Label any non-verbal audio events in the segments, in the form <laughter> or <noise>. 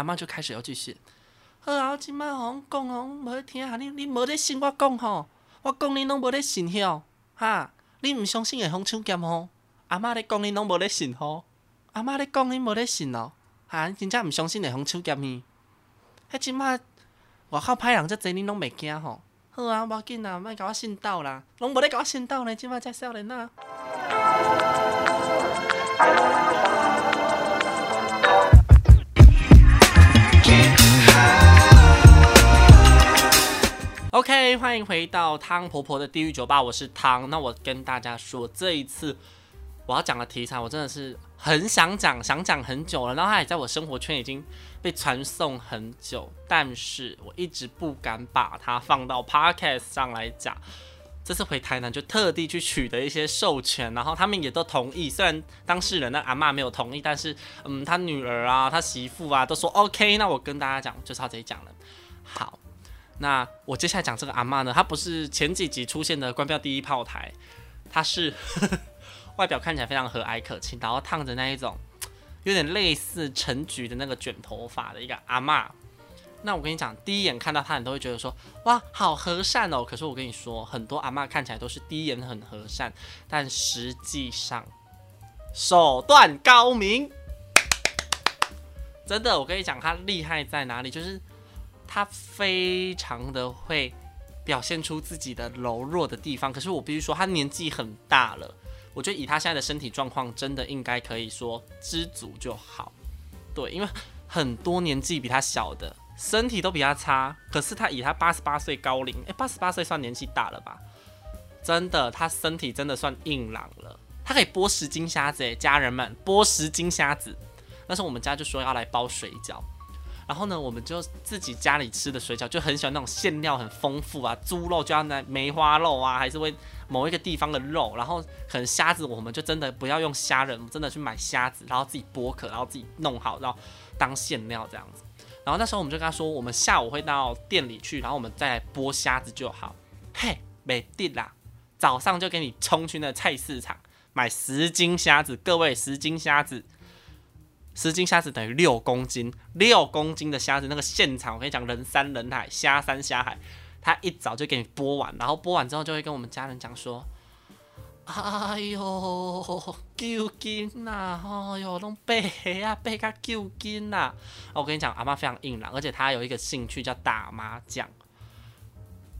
阿嬤就開始要繼續。好啊，即馬吼講，吼無聽，哈你你無咧信我講吼，我講你攏無咧信喎，哈、啊，你唔相信的紅搶劫，吼？阿嬤咧講你攏無咧信吼，阿嬤咧講你無咧信咯，哈、啊，你真正唔相信的紅搶劫，呢、欸？迄即馬外口歹人遮多，你攏未驚吼？好啊，無緊啊，莫甲我信到啦，攏無咧甲我信到呢，即馬遮少年啊！哎 OK，歡迎回到湯婆婆的地獄酒吧，我是湯。那我跟大家說，這一次我要講的題材，我真的是很想講，想講很久了。然後他也在我生活圈已經被傳頌很久，但是我一直不敢把它放到 Podcast 上來講。這次回台南就特地去取得一些授權，然後他們也都同意。雖然當事人的阿嬤沒有同意，但是嗯，他女兒啊，他媳婦啊都說 OK。那我跟大家講，就是他自己講了。好。那我接下來講這個阿嬤呢，她不是前幾集出現的官標第一炮台，她是呵呵外表看起來非常和藹可親，然後燙着那一種有點類似陳菊的那個捲頭髮的一個阿嬤。那我跟你講，第一眼看到她，你都會覺得說哇，好和善哦。可是我跟你說，很多阿嬤看起來都是第一眼很和善，但實際上手段高明。 <laughs> 真的，我跟你講，她厲害在哪裡，就是。他非常的會表現出自己的柔弱的地方，可是我必須說，他年紀很大了，我覺得以他現在的身體狀況，真的應該可以說知足就好。對，因為很多年紀比他小的，身體都比他差，可是他以他八十八歲高齡，誒、欸，八十八歲算年紀大了吧？真的，他身體真的算硬朗了，他可以剝十斤蝦子，誒，家人們，剝十斤蝦子。但是我們家就說要來包水餃。然後呢，我們就自己家裡吃的水餃，就很喜歡那種餡料很豐富啊，豬肉就要那梅花肉啊，還是會某一個地方的肉。然後可能蝦子，我們就真的不要用蝦仁，我真的去買蝦子，然後自己剝殼，然後自己弄好，然後當餡料這樣子。然後那時候我們就跟他說，我們下午會到店裡去，然後我們再來剝蝦子就好。嘿，沒地啦，早上就給你衝去那菜市場買十斤蝦子，各位十斤蝦子。十斤蝦子等於六公斤，六公斤的蝦子，那個現場我跟你講，人山人海，蝦山蝦海，他一早就給你剝完，然後剝完之後就會跟我們家人講說：“哎呦，九斤啊！哎呦，被背啊，背他九斤啊！”我跟你講，阿媽非常硬朗，而且她有一個興趣叫打麻將，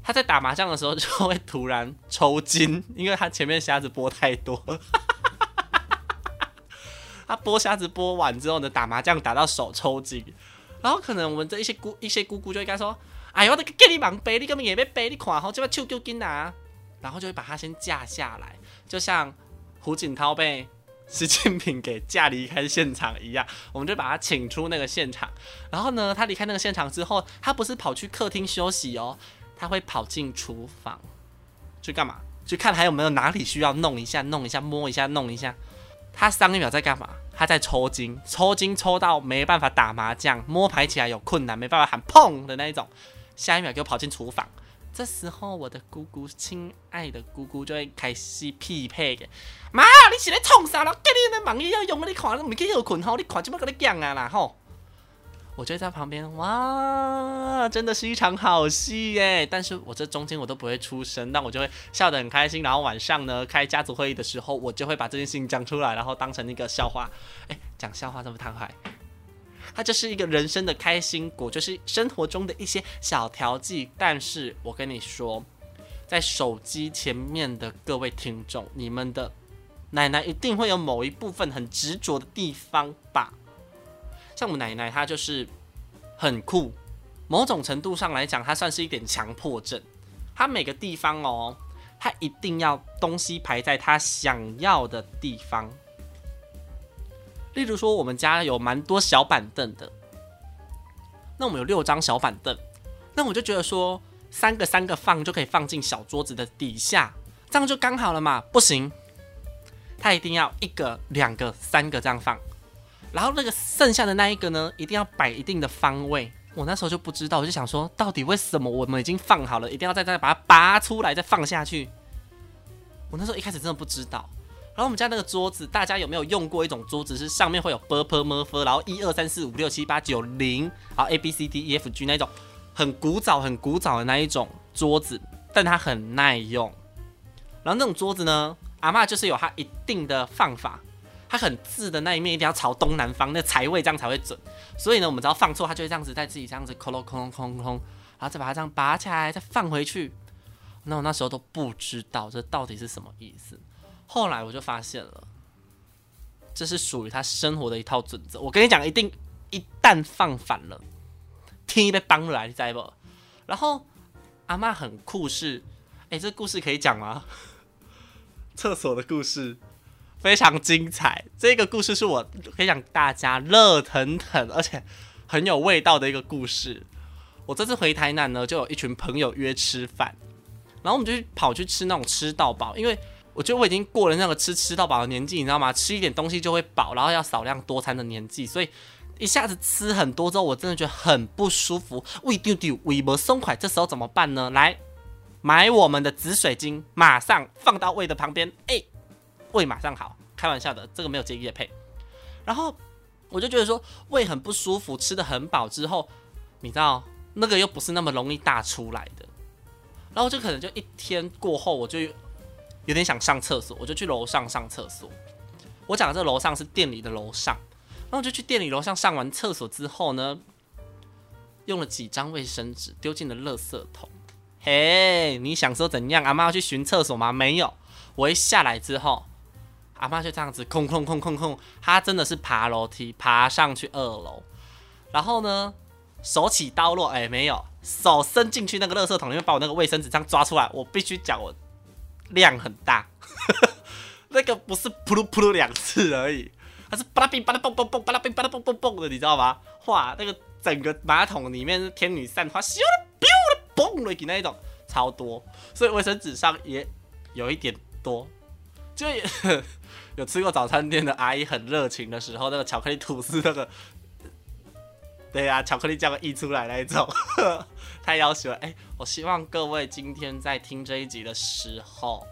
她在打麻將的時候就會突然抽筋，因為她前面蝦子剝太多。他剝蝦子剝完之後呢，打麻將打到手抽筋，然後可能我們這一些姑一些姑姑就會跟他說：“哎呦，我的個給你忙背，你根本也沒背，你狂好、哦，就把球丟給哪，然後就會把他先架下來，就像胡錦濤被習近平給架離開現場一樣，我們就把他請出那個現場。然後呢，他離開那個現場之後，他不是跑去客廳休息哦，他會跑進廚房去幹嘛？去看還有沒有哪裡需要弄一下，弄一下，摸一下，弄一下。”他上一秒在幹嘛？他在抽筋，抽筋抽到沒辦法打麻將，摸牌起來有困難，沒辦法喊碰的那一種。下一秒給我跑進廚房，這時候我的姑姑，親愛的姑姑就會開始匹配的。媽，你是在衝啥了？給你，你的忙也要用，你看你不要有困好，你看怎麼跟你講啊啦吼我就在旁邊，哇，真的是一場好戲誒、欸。但是我這中間我都不會出聲，但我就會笑得很開心。然後晚上呢，開家族會議的時候，我就會把這件事情講出來，然後當成一個笑話。哎、欸，講笑話這麼貪壞，它就是一個人生的開心果，就是生活中的一些小調劑。但是我跟你說，在手機前面的各位聽眾，你們的奶奶一定會有某一部分很執着的地方吧。像我奶奶，她就是很酷。某種程度上來講，她算是一點強迫症。她每個地方哦，她一定要東西排在她想要的地方。例如說，我們家有蠻多小板凳的。那我們有六張小板凳，那我就覺得說，三個三個放就可以放進小桌子的底下，這樣就剛好了嘛。不行，她一定要一個、兩個、三個這樣放。然後那個剩下的那一個呢，一定要擺一定的方位。我那時候就不知道，我就想說，到底為什麼我們已經放好了，一定要再再把它拔出來再放下去？我那時候一開始真的不知道。然後我們家那個桌子，大家有沒有用過一種桌子，是上面會有 b u r p e r m u r f e r 然後一二三四五六七八九零，然後 A B C D E F G 那種很古早、很古早的那一種桌子，但它很耐用。然後那種桌子呢，阿嬤就是有它一定的放法。它很自的那一面一定要朝東南方，那個財位這樣才會準。所以呢，我們只要放錯，它就會這樣子在自己這樣子空空空空，然後再把它這樣拔起來，再放回去。那我那時候都不知道這到底是什麼意思。後來我就發現了，這是屬於他生活的一套準則。我跟你講，一定一旦放反了，天被崩來你知道不？然後阿嬤很酷是，欸，這故事可以講嗎？廁所的故事。非常精彩，這個故事是我分享大家熱騰騰，而且很有味道的一個故事。我這次回台南呢，就有一群朋友約吃飯，然後我們就去跑去吃那種吃到飽，因為我覺得我已經過了那個吃吃到飽的年紀，你知道嗎？吃一點東西就會飽，然後要少量多餐的年紀，所以一下子吃很多之後，我真的覺得很不舒服，胃丟丟胃不鬆快，這時候怎麼辦呢？來，買我們的紫水晶，馬上放到胃的旁邊，誒、欸！胃馬上好，開玩笑的，這個沒有接業配。然後我就覺得說胃很不舒服，吃得很飽之後，你知道那個又不是那麼容易大出來的。然後就可能就一天過後，我就有點想上廁所，我就去樓上上廁所。我講的這樓上是店裡的樓上。然後就去店裡樓上上完廁所之後呢，用了幾張衛生紙丟進了垃圾桶。嘿，你想說怎樣？阿嬤要去尋廁所嗎？沒有，我一下來之後。阿媽就這樣子空空空空空，她真的是爬樓梯爬上去二樓，然後呢，手起刀落，哎、欸、沒有，手伸進去那個垃圾桶裡面把我那個衛生紙這樣抓出來，我必須講我量很大， <laughs> 那個不是噗嚕噗嚕兩次而已，它是巴拉冰巴拉蹦蹦蹦巴拉冰巴拉蹦蹦蹦的，你知道嗎？哇，那個整個馬桶裡面天女散花咻的咻的嘣的那一種超多，所以衛生紙上也有一點多。就 <laughs> 有吃過早餐店的阿姨很熱情的時候，那個巧克力吐司，那個對呀、啊，巧克力醬會溢出來那一種，呵呵太夭壽了。哎、欸，我希望各位今天在聽這一集的時候，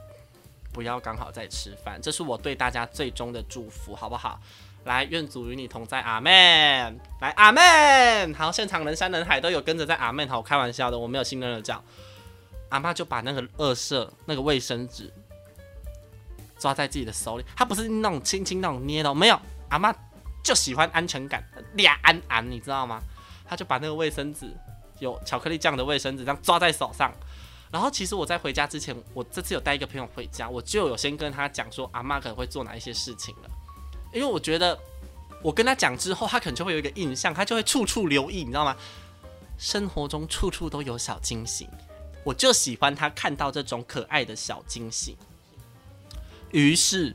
不要剛好在吃飯，這是我對大家最終的祝福，好不好？來，願主與你同在，阿門。來，阿門。好，現場人山人海都有跟着在阿門。哈，我開玩笑的，我沒有信任的樣，阿嬤就把那個二色那個衛生紙。抓在自己的手裡，他不是那種輕輕那種捏的，沒有，阿嬤就喜歡安全感，倆安安，你知道嗎？他就把那個衛生紙，有巧克力醬的衛生紙，這樣抓在手上。然後其實我在回家之前，我這次有帶一個朋友回家，我就有先跟他講說，阿嬤可能會做哪一些事情了，因為我覺得我跟他講之後，他可能就會有一個印象，他就會處處留意，你知道嗎？生活中處處都有小驚喜，我就喜歡他看到這種可愛的小驚喜。於是，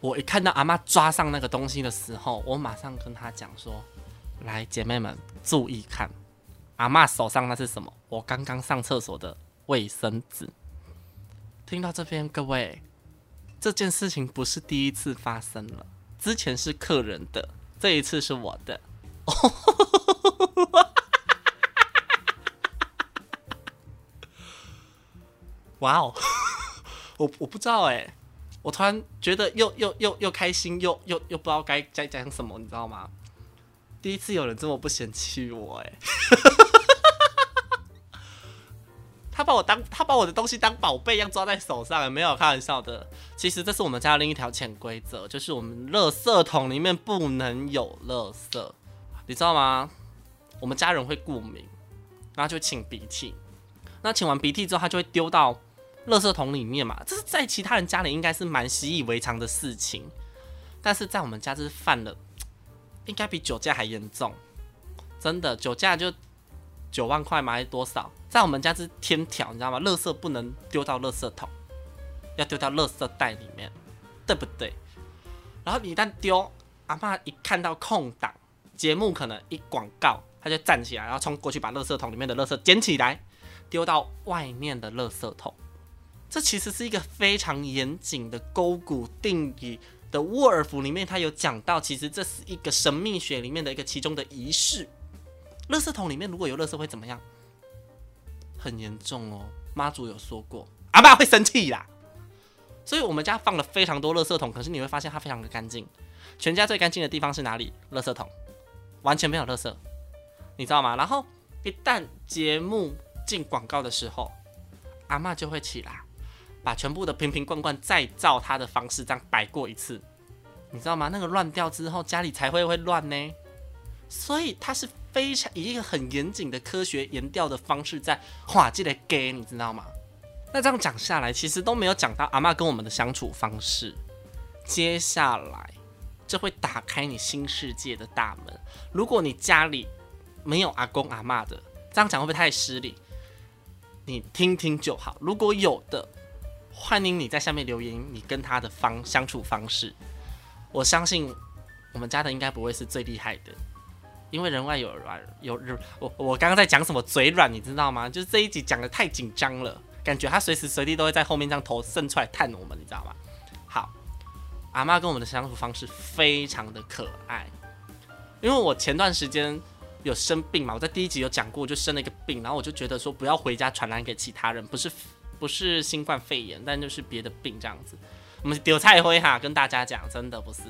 我一看到阿嬤抓上那個東西的時候，我馬上跟她講說：“來，姐妹們注意看，阿嬤手上那是什麼？我剛剛上廁所的衛生紙。”聽到這邊，各位，這件事情不是第一次發生了。之前是客人的，這一次是我的。哇 <laughs> 哦、wow！我我不知道哎。我突然覺得又又又又開心，又又又不知道該該講什麼，你知道嗎？第一次有人這麼不嫌棄我，哎，他把我當他把我的東西當寶貝一樣抓在手上，也沒有開玩笑的。其實這是我們家的另一條潛規則，就是我們垃圾桶裡面不能有垃圾，你知道嗎？我們家人會過敏，那就擤鼻涕，那擤完鼻涕之後，他就會丟到。垃圾桶裡面嘛，這是在其他人家裡應該是蠻習以為常的事情，但是在我們家這是犯了，應該比酒駕還嚴重。真的，酒駕就九萬塊嘛，還是多少？在我們家這是天條，你知道嗎？垃圾不能丟到垃圾桶，要丟到垃圾袋裡面，對不對？然後你一旦丟，阿嬤一看到空檔節目，可能一廣告，他就站起來，然後衝過去把垃圾桶裡面的垃圾撿起來，丟到外面的垃圾桶。這其實是一個非常嚴謹的勾股定理的沃爾夫裡面，他有講到，其實這是一個神秘學裡面的一個其中的儀式。垃圾桶裡面如果有垃圾會怎麼樣？很嚴重哦，媽祖有說過，阿嬤會生氣啦。所以我們家放了非常多垃圾桶，可是你會發現它非常的乾淨。全家最乾淨的地方是哪裡？垃圾桶，完全沒有垃圾，你知道嗎？然後一旦節目進廣告的時候，阿嬤就會起來。把全部的瓶瓶罐罐再照他的方式這樣擺過一次，你知道嗎？那個亂掉之後，家裡才會會亂呢。所以他是非常以一個很嚴謹的科學嚴調的方式在畫，記得給你知道嗎？那這樣講下來，其實都沒有講到阿嬤跟我們的相處方式。接下來就會打開你新世界的大門。如果你家裡沒有阿公阿嬤的，這樣講會不會太失禮？你聽聽就好。如果有的，歡迎你，你在下面留言，你跟他的方相處方式，我相信我們家的應該不會是最厲害的，因為人外有人，有人。我我剛剛在講什麼嘴軟，你知道嗎？就是這一集講得太緊張了，感覺他隨時隨地都會在後面這樣頭伸出來探我們，你知道嗎？好，阿嬤跟我們的相處方式非常的可愛，因為我前段時間有生病嘛，我在第一集有講過，我就生了一個病，然後我就覺得說不要回家傳染給其他人，不是。不是新冠肺炎，但就是別的病這樣子。我們丟菜灰哈，跟大家講，真的不是。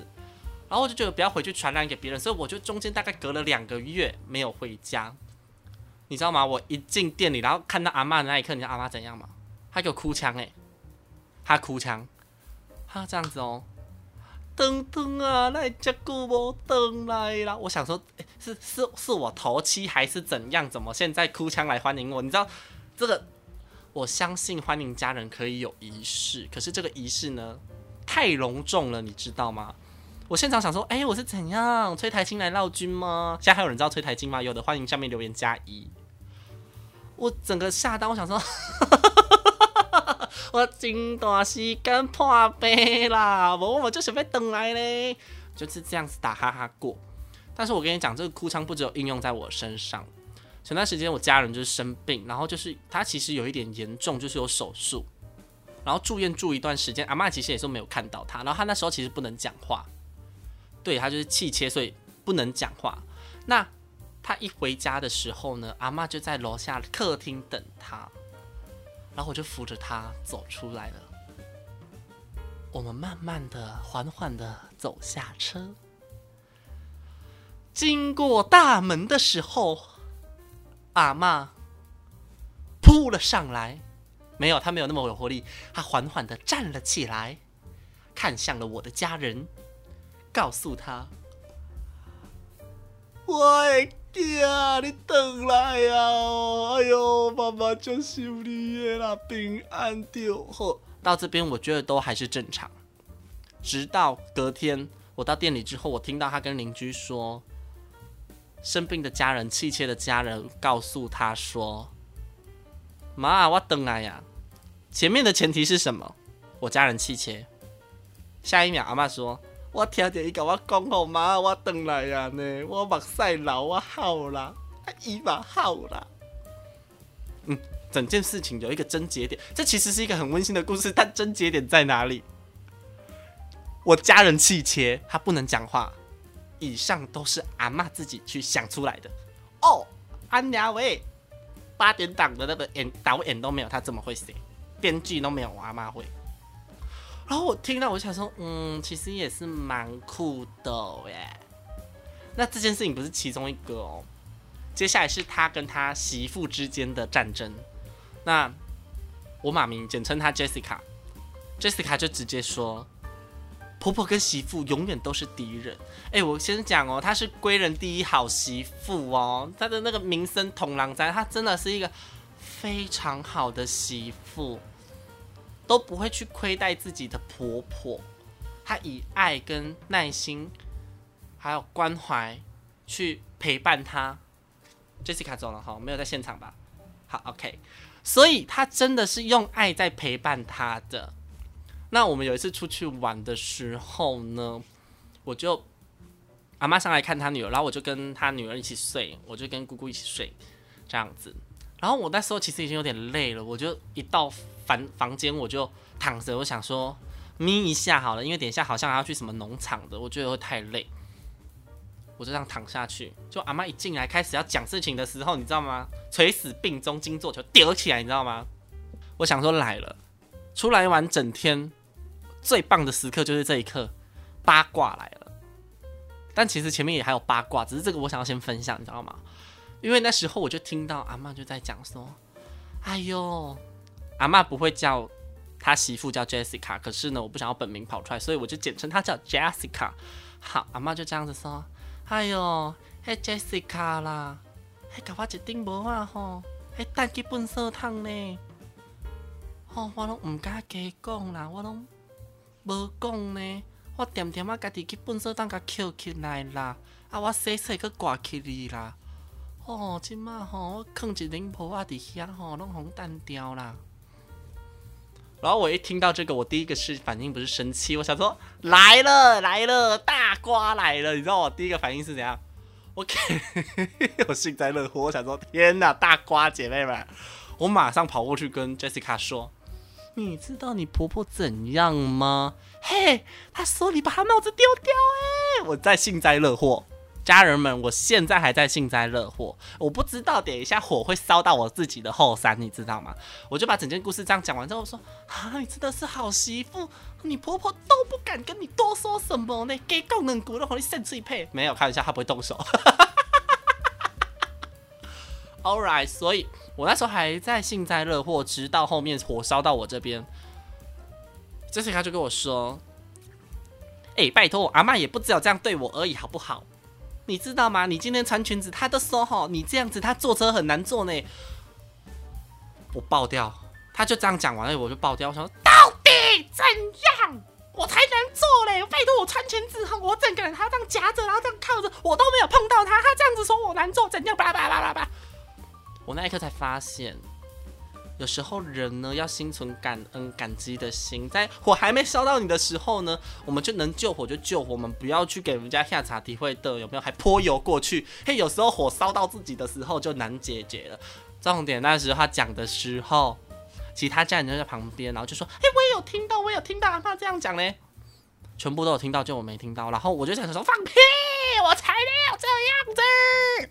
然後我就覺得不要回去傳染給別人，所以我就中間大概隔了兩個月沒有回家。你知道嗎？我一進店裡，然後看到阿嬤的那一刻，你知道阿嬤怎樣嗎？她給我哭腔誒、欸，她哭腔，她這樣子哦、喔。噔噔啊，麼麼來吃姑婆湯來了。我想說，欸、是是是我頭七還是怎樣？怎麼現在哭腔來歡迎我？你知道這個？我相信歡迎家人可以有儀式，可是這個儀式呢太隆重了，你知道嗎？我現場想說，哎，我是怎樣吹台青來鬧君嗎？現在還有人知道吹台青嗎？有的，歡迎下面留言加一。我整個下單，我想說， <laughs> <laughs> 我近段時間破病啦，我我就是被等來嘞，就是這樣子打哈哈過。但是我跟你講，這個哭腔不只有應用在我身上。前段時間我家人就是生病，然後就是他其實有一點嚴重，就是有手術，然後住院住一段時間。阿嬤其實也是沒有看到他，然後他那時候其實不能講話，對，他就是氣切，所以不能講話。那他一回家的時候呢，阿嬤就在樓下客廳等他，然後我就扶着他走出來了。 <music> 我們慢慢的、緩緩的走下車，經過大門的時候。打罵，撲了上來，沒有，他沒有那麼有活力。他緩緩的站了起來，看向了我的家人，告訴他：“我的家，你回來呀、啊！哎呦，爸爸就想你了，平安就好。”到這邊我覺得都還是正常。直到隔天，我到店裡之後，我聽到他跟鄰居說。生病的家人，氣切的家人，告訴他說：“媽、啊，我回來呀。”前面的前提是什麼？我家人氣切。下一秒，阿嬤說：“我聽着你跟我，伊甲我講，吼媽、啊，我回來呀，呢，我目屎流，我了，啦，伊嘛好啦。好啦”嗯，整件事情有一個症結點。這其實是一個很溫馨的故事，但症結點在哪裡？我家人氣切，他不能講話。以上都是阿嬤自己去想出來的哦，啊娘喂，八點檔的那個演導演都沒有他這麼會寫，編劇都沒有我阿嬤會。然後我聽到我想說，嗯，其實也是蠻酷的耶。那這件事情不是其中一個哦，接下來是他跟他媳婦之間的戰爭。那我媽名簡稱他 Jessica，Jessica 就直接說。婆婆跟媳婦永遠都是敵人。哎、欸，我先講哦，她是歸人第一好媳婦哦，她的那個名聲捅狼在，她真的是一個非常好的媳婦，都不會去虧待自己的婆婆，她以愛跟耐心還有關懷去陪伴她。Jessica 走了哈，沒有在現場吧？好，OK，所以她真的是用愛在陪伴她的。那我們有一次出去玩的時候呢，我就阿嬤上來看她女兒，然後我就跟她女兒一起睡，我就跟姑姑一起睡，這樣子。然後我那時候其實已經有點累了，我就一到房房間我就躺着，我想說眯一下好了，因為等一下好像還要去什麼農場的，我覺得會太累，我就這樣躺下去。就阿嬤一進來開始要講事情的時候，你知道嗎？垂死病中驚坐起，就丟起來，你知道嗎？我想說來了，出來玩整天。最棒的時刻就是這一刻，八卦來了。但其實前面也還有八卦，只是這個我想要先分享，你知道嗎？因為那時候我就聽到阿嬤就在講說：“哎喲，阿嬤不會叫她媳婦叫 Jessica，可是呢，我不想要本名跑出來，所以我就簡稱她叫 Jessica。好，阿嬤就這樣子說：‘哎喲，嘿、欸、Jessica 啦，嘿，甲我一頂帽仔吼，嘿、欸，帶去糞掃桶呢。’吼，我都唔敢加講啦，我都……無講呢，我點點啊家己去糞掃桶甲撿起來啦，啊我洗洗佮掛起來啦。哦，今擺吼，我扛一頂破瓦佇遐吼，攏好單調啦。然後我一聽到這個，我第一個是反應不是生氣，我想說來了來了，大瓜來了，你知道我第一個反應是怎樣？OK， <laughs> 我幸災樂禍，我想說天哪，大瓜姐妹們，我馬上跑過去跟 Jessica 說。你知道你婆婆怎樣嗎？嘿，她說你把她帽子丟掉。欸，哎，我在幸災樂禍。家人們，我現在還在幸災樂禍。我不知道等一下火會燒到我自己的後山，你知道嗎？我就把整件故事這樣講完之後說啊，你真的是好媳婦，你婆婆都不敢跟你多說什麼呢？給功能鼓的紅利，甚至一配沒有，開玩笑，她不會動手。 <laughs> Alright，所以我那時候還在幸災樂禍，直到後面火燒到我這邊，這次他就跟我說：“誒、欸，拜託，阿嬤也不只有這樣對我而已，好不好？你知道嗎？你今天穿裙子，她都說哈，你這樣子，她坐車很難坐呢。”我爆掉，他就這樣講完了，我就爆掉。我想說：“到底怎樣我才難坐嘞？拜託，我穿裙子後，我整個人他這樣夾着，然後這樣靠着，我都沒有碰到他。他這樣子說我難坐，怎樣？叭叭叭叭叭。”我那一刻才發現，有時候人呢要心存感恩、感激的心，在火還沒燒到你的時候呢，我們就能救火就救火，我們不要去給人家下茶、體會的有沒有？還潑油過去？嘿，有時候火燒到自己的時候就難解決了。重點那時候他講的時候，其他家人在旁邊，然後就說：“嘿，我也有聽到，我有聽到他這樣講嘞。”全部都有聽到，就我沒聽到。然後我就在想說：“放屁！我才沒有這樣子。”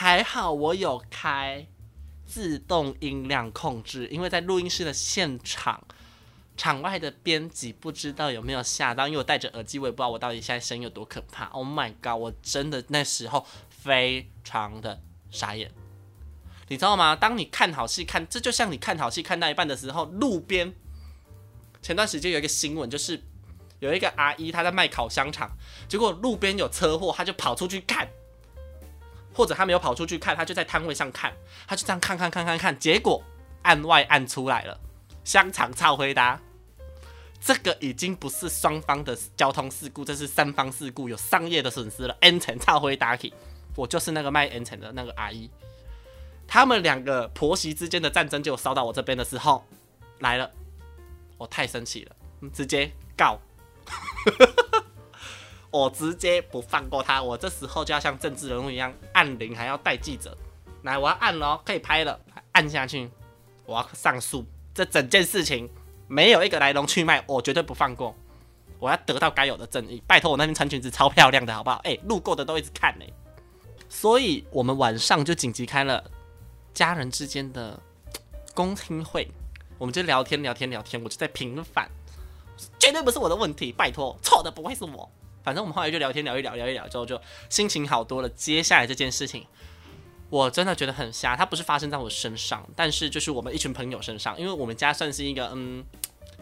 還好我有開自動音量控制，因為在錄音室的現場，場外的編輯不知道有沒有嚇到，因為我戴着耳機，我也不知道我到底現在聲音有多可怕。Oh my god！我真的那時候非常的傻眼，你知道嗎？當你看好戲看，這就像你看好戲看到一半的時候，路邊前段時間有一個新聞，就是有一個阿姨她在賣烤香腸，結果路邊有車禍，她就跑出去看。或者他沒有跑出去看，他就在攤位上看，他就這樣看看看看看，看，結果案外案出來了。香腸超回答，這個已經不是雙方的交通事故，這是三方事故，有商業的損失了。N 層超回答，我就是那個賣 N 層的那個阿姨。他們兩個婆媳之間的戰爭就燒到我這邊的時候來了，我太生氣了，直接告。Go <laughs> 我直接不放過他，我這時候就要像政治人物一樣按鈴，還要帶記者。來，我要按了，可以拍了，按下去。我要上訴，這整件事情沒有一個來龍去脈，我絕對不放過。我要得到該有的正義，拜託，我那天穿裙子超漂亮的好不好？哎、欸，路過的都一直看哎、欸。所以我們晚上就緊急開了家人之間的公聽會，我們就聊天聊天聊天，我就在平反，絕對不是我的問題，拜託，錯的不會是我。反正我們後來就聊天聊一聊，聊一聊之後就心情好多了。接下來這件事情，我真的覺得很瞎。它不是發生在我身上，但是就是我們一群朋友身上。因為我們家算是一個嗯，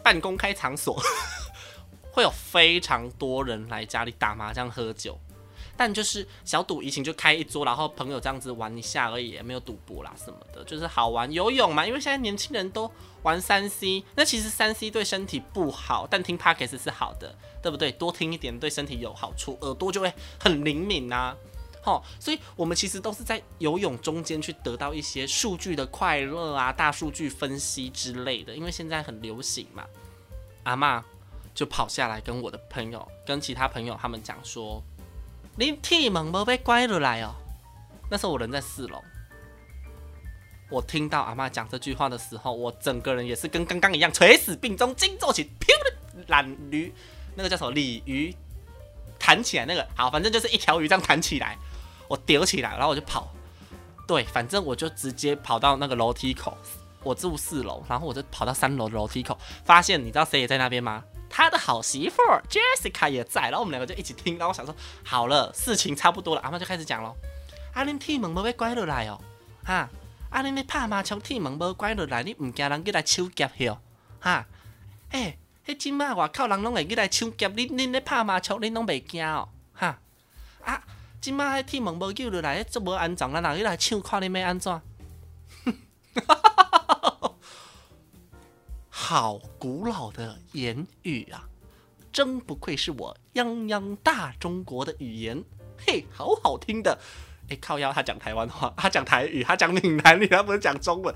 半公開場所呵呵，會有非常多人來家裡打麻將喝酒。但就是小賭怡情，就開一桌，然後朋友這樣子玩一下而已，也沒有賭博啦什麼的，就是好玩游泳嘛。因為現在年輕人都玩三 C，那其實三 C 對身體不好，但聽 Podcast 是好的，對不對？多聽一點對身體有好處，耳朵就會很靈敏吶、啊。吼，所以我們其實都是在游泳中間去得到一些數據的快樂啊，大數據分析之類的，因為現在很流行嘛。阿嬤就跑下來跟我的朋友、跟其他朋友他們講說。你 TM 沒被拐落來哦！那時候我人在四樓，我聽到阿嬤講這句話的時候，我整個人也是跟剛剛一樣，垂死病中驚坐起，飄的懶驢，那個叫什麼鯉魚彈起來，那個好，反正就是一條魚這樣彈起來，我丟起來，然後我就跑。對，反正我就直接跑到那個樓梯口，我住四樓，然後我就跑到三樓的樓梯口，發現你知道誰也在那邊嗎？他的好媳婦 Jessica 也在，然後我們兩個就一起聽。然後我想說，好了，事情差不多了，阿、啊、嬤就開始講嘍。阿恁鐵門無關落來哦，哈、啊，阿恁咧拍麻將，鐵門無關落來，你唔驚人去來搶劫哦。哈、啊，誒、欸，迄陣嘛外口人攏會去來搶劫，恁恁咧拍麻將，恁攏袂驚哦，哈，啊，陣嘛迄鐵門無救落來，迄做無安裝啦，人去來搶看恁要安怎。好古老的言語啊，真不愧是我泱泱大中國的語言。嘿，好好聽的。誒、欸，靠腰，他講台灣話，他講台語，他講閩南語，他不是講中文。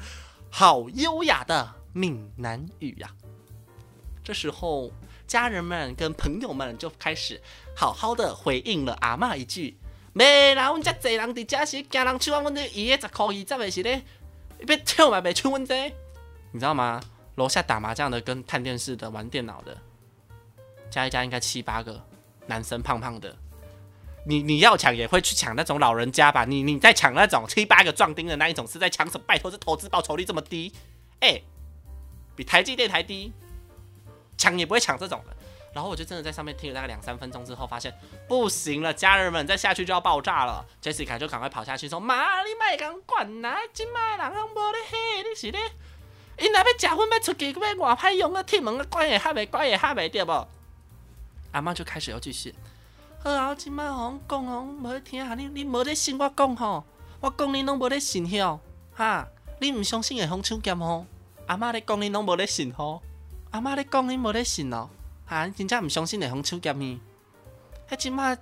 好優雅的閩南語呀、啊！這時候，家人們跟朋友們就開始好好的回應了阿嬤一句：“沒啦，我們家仔郎在家時，家人手按我們爺爺十塊二十的時嘞，別跳嘛，別跳，我這，你知道嗎？”樓下打麻將的、跟看電視的、玩電腦的，加一加應該七八個男生，胖胖的你。你你要搶也會去搶那種老人家吧？你你在搶那種七八個壯丁的那一種，是在搶什麼？拜托，這投資報酬率這麼低，哎、欸，比台積電還低，搶也不會搶這種的。然後我就真的在上面聽了大概兩三分鐘之後，發現不行了，家人們再下去就要爆炸了。Jessica 就趕快跑下去說：“媽，你賣咁管啦、啊！」「今擺人攏無咧嘿，你是咧？”因若要食薰欲出去，要外派用啊，鐵門啊關門也合袂，關也合袂着啵？阿媽就開始要繼續。 <noise> 好，即麥我講哦，無聽啊！喔喔、聽你你無咧信我講吼？我講恁攏無咧信哦，哈！你毋相信誒，紅手劍吼？阿媽咧講恁攏無咧信吼？阿媽咧講恁無咧信咯？哈！真正毋相信誒，紅手劍呢？迄即麥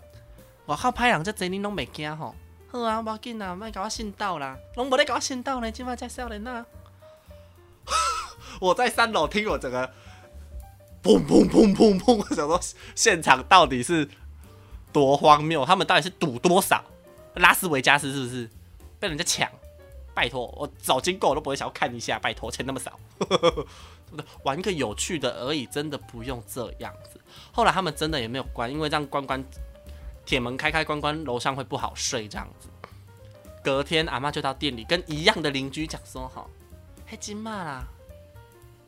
外口歹人遮儕，你攏袂驚吼？好啊，無要緊啊，莫甲我信斗啦，攏無咧甲我信斗咧。即麥遮少年啊！我在三樓聽我整個砰砰砰砰砰，想說現場到底是多荒謬？他們到底是賭多少？拉斯維加斯是不是被人家搶？拜託，我早經過我都不會想要看一下，拜託，錢那麼少， <laughs> 玩個有趣的而已，真的不用這樣子。後來他們真的也沒有關，因為這樣關關鐵門開開關關，樓上會不好睡這樣子。隔天阿嬤就到店裡跟一樣的鄰居講說：“哈，嘿，金馬啦。”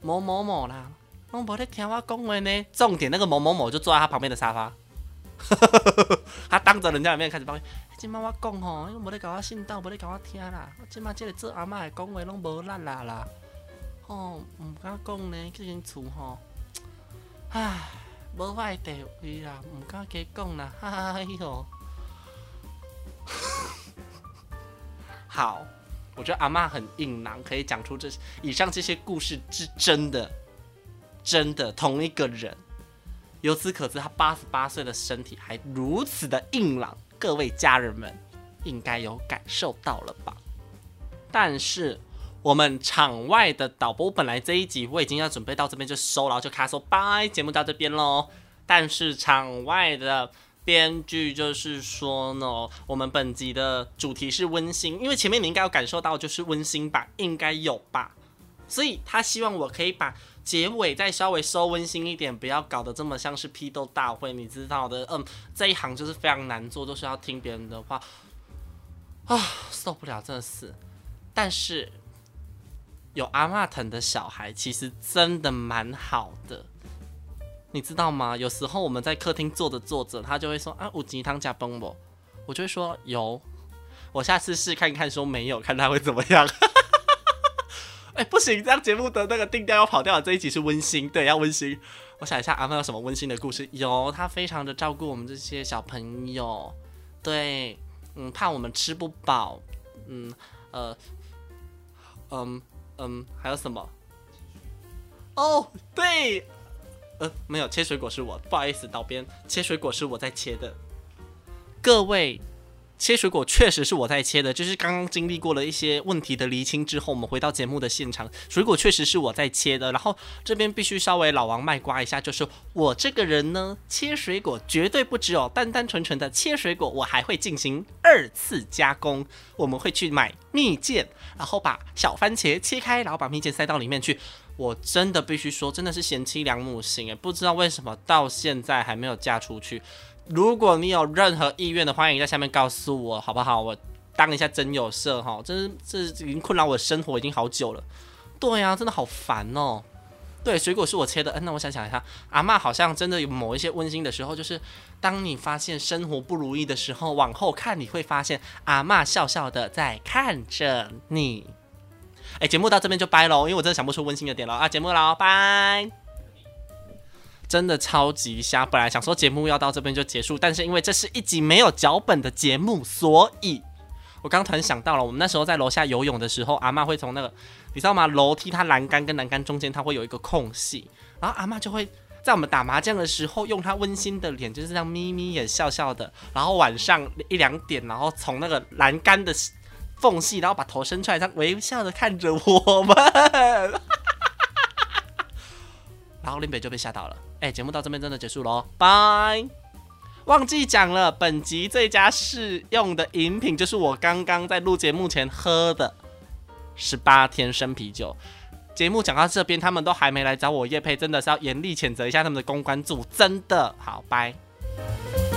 某某某啦，攏無咧聽我講話呢。重點那個某某某就坐在他旁邊的沙發， <laughs> 他當着人家的面開始抱怨：今麥我講吼，因無咧甲我信道，無咧甲我聽啦。今麥即個做阿嬤的講話攏無力啦啦，吼、哦，毋敢講呢，即間厝吼，唉，無壞地位啦，毋敢加講啦，哎喲，好。我覺得阿嬤很硬朗，可以講出這以上這些故事是真的，真的同一個人。由此可知，她八十八歲的身體還如此的硬朗。各位家人們，應該有感受到了吧？但是我們場外的導播，本來這一集我已經要準備到這邊就收，然後就開始說拜，節目到這邊嘍。但是場外的。編劇就是說呢，我們本集的主題是溫馨，因為前面你應該有感受到就是溫馨吧，應該有吧，所以他希望我可以把結尾再稍微收溫馨一點，不要搞得這麼像是批鬥大會，你知道的，嗯，這一行就是非常難做，都、就是要聽別人的話，啊，受不了這事，但是有阿嬤疼的小孩其實真的蠻好的。你知道嗎？有時候我們在客廳坐着坐着，他就會說：“啊，五級湯加崩我。”我就會說：“有，我下次試看看，說沒有，看他會怎麼樣。 <laughs> ”哎、欸，不行，這樣節目的那個定調要跑掉，這一集是溫馨，對，要溫馨。我想一下，阿、啊、嬤有什麼溫馨的故事？有，他非常的照顧我們這些小朋友，對，嗯，怕我們吃不飽，嗯，呃，嗯嗯，還有什麼？哦，對。呃，沒有切水果是我，不好意思，導邊切水果是我在切的。各位，切水果確實是我在切的，就是剛剛經歷過了一些問題的釐清之後，我們回到節目的現場，水果確實是我在切的。然後這邊必須稍微老王賣瓜一下，就是我這個人呢，切水果絕對不只有單單純純的切水果，我還會進行二次加工。我們會去買蜜餞，然後把小番茄切開，然後把蜜餞塞到裡面去。我真的必須說，真的是賢妻良母型誒，不知道為什麼到現在還沒有嫁出去。如果你有任何意願的話，歡迎在下面告訴我，好不好？我當一下真有色哈，真是這已經困擾我的生活已經好久了。對呀、啊，真的好煩哦、喔。對，水果是我切的，嗯、呃，那我想想一下，阿嬤，好像真的有某一些溫馨的時候，就是當你發現生活不如意的時候，往後看你會發現阿嬤笑笑的在看着你。哎，節目到這邊就掰嘍，因為我真的想不出溫馨的點了啊！節目了，拜！真的超級瞎，本來想說節目要到這邊就結束，但是因為這是一集沒有腳本的節目，所以我剛突然想到了，我們那時候在樓下游泳的時候，阿嬤會從那個，你知道嗎？樓梯它欄杆跟欄杆中間它會有一個空隙，然後阿嬤就會在我們打麻將的時候用她溫馨的臉，就是這樣眯眯眼笑笑的，然後晚上一兩點，然後從那個欄杆的。縫隙，然後把頭伸出來，他微笑的看着我們， <laughs> 然後林北就被嚇到了。哎、欸，節目到這邊真的結束囉。拜。Bye! 忘記講了，本集最佳試用的飲品就是我剛剛在錄節目前喝的十八天生啤酒。節目講到這邊，他們都還沒來找我業配，真的是要嚴厲譴責一下他們的公關組，真的好拜。Bye!